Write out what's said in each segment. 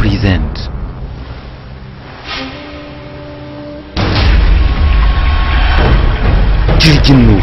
present. Didn't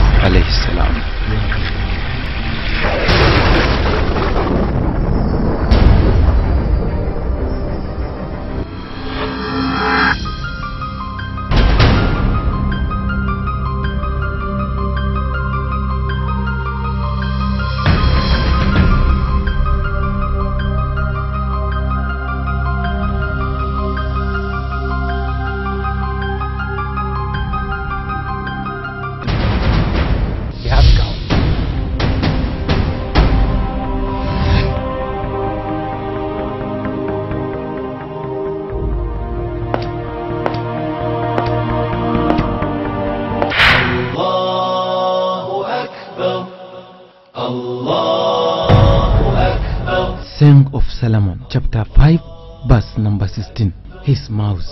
Song of Solomon, chapter 5, verse number 16. His mouth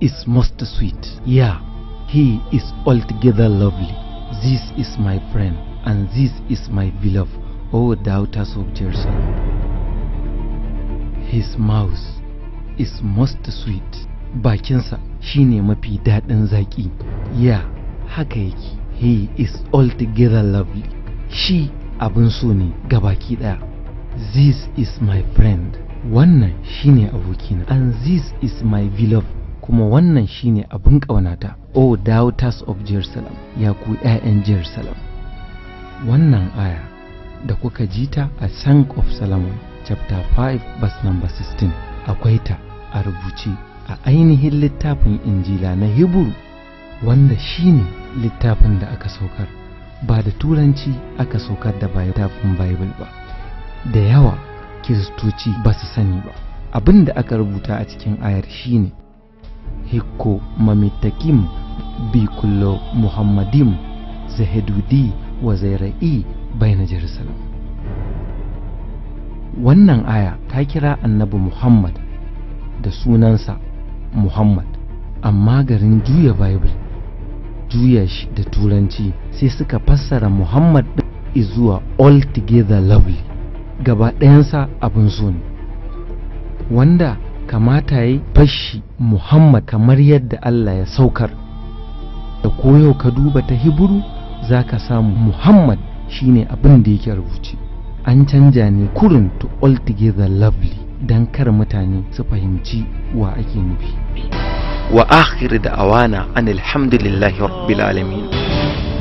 is most sweet. Yeah, he is altogether lovely. This is my friend, and this is my beloved, O daughters of Jerusalem. His mouth is most sweet. Bakinsa ne mafi daɗin zaƙi. Yeah, haka yake. He is altogether lovely. Shi abin so ne gabaki ɗaya. this is my friend wannan shine abokina and this is my beloved kuma wannan shine abin ƙaunata o oh, daughters of jerusalem ya ku 'ya'yan jerusalem wannan aya da kuka ji ta a song of solomon chapter 5 verse number 16 akwai ta a rubuce a ainihin littafin injila na hebrew wanda shine littafin da aka saukar ba da turanci aka saukar da littafin bible ba da yawa kiristoci ba su sani ba abin da aka rubuta a cikin ayar shine hikko mamitakim bikullo muhammadim zahedudi wa zaira'i bai na jerusalem wannan aya ta kira annabi muhammad da sunansa muhammad amma garin juya bible juya shi da turanci sai suka fassara muhammad zuwa altogether lovely gaba ɗayansa abin zo ne wanda kamata ya yi fashi muhammad kamar yadda allah ya saukar da koyo ka duba ta hiburu za ka samu muhammad shine abin da yake rubuce an canja ne kurin to altogether lovely don kar mutane su fahimci wa ake nufi wa akhiri da awana an alhamdulillahi rabbil alamin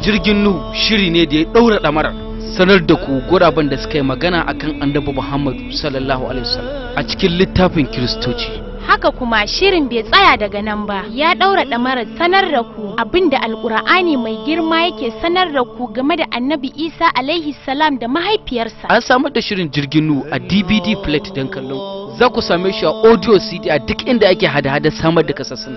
jirgin nu shiri ne da ya daura ɗamarar sanar da ku guraben da suka yi magana akan annabi Muhammadu sallallahu alaihi wasallam a cikin littafin Kiristoci. Haka kuma shirin bai tsaya daga nan ba ya ɗaura ɗamarar sanar da ku abin da alƙur'ani mai girma yake sanar da ku game da annabi Isa alaihi salam da mahaifiyarsa. An samar da shirin jirgin nu a DVD plate don kallon. Za ku same shi a audio CD a duk inda ake hada-hada samar da kasassun.